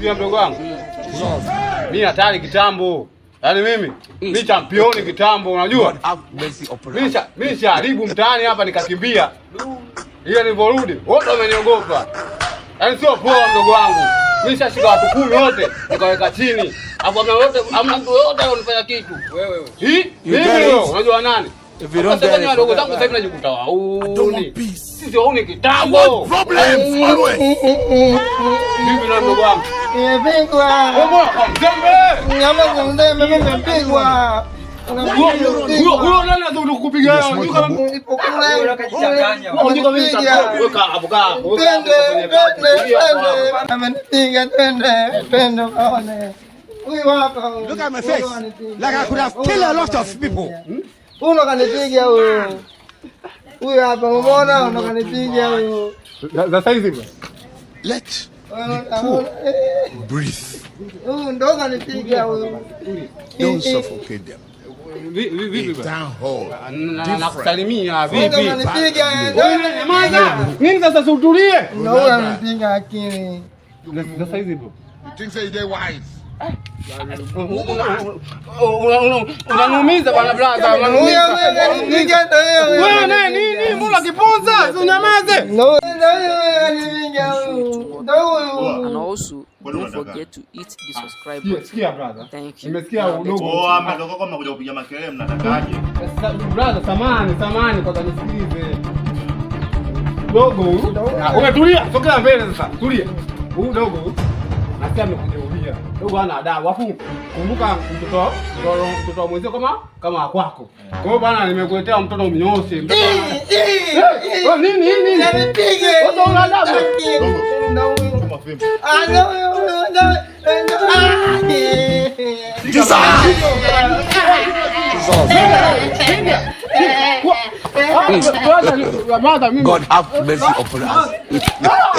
Sikia mdogo wangu, mimi hatari kitambo. Yaani mimi mimi championi kitambo, unajua mimi shaharibu mtaani hapa nikakimbia, hiyo nilivyorudi wote wameniogopa. Yaani sio poa mdogo wangu, mimi shashika watu kumi wote nikaweka chini, hamna mtu yote anifanya kitu. Mimi unajua nani wadogo zangu sasa hivi najikuta wauni, sisi wauni kitambo. Eh, eh, eh, mimi na mdogo wangu Nimepigwa. Nyama za mzembe nimepigwa. Huyo nani anataka kukupiga wewe? Unajua kama ulipokula wewe unakachanganya. Unajua mimi nitakuweka hapo kaa. Twende, twende, twende. Amenipiga twende, twende kaone. Huyu hapa. Look at my face. Like I could have killed a lot of people. Hmm? Huyo kanipiga huyo. Huyo hapa umeona, ndo kanipiga huyo. Za saizi bwana. Let. Eh, cool breathe. Don't suffocate them. Nakusalimia vipi? Nini sasa utulie? Ndogo anipiga bwana blaza, nini? Mbona kipunza unyamaze? also don't forget to hit the subscribe button. Thank you. Oh, kumbuka mtoto mtoto mwenzio kama kama kwako. Kwa hiyo bwana nimekuletea mtoto mnyoshe. Nini nini? Nipige. una adabu. não, eu não gosto mesmo. Ah, não, eu não, não, eu não. Ah, é. Desastre! Desastre! God have mercy upon us.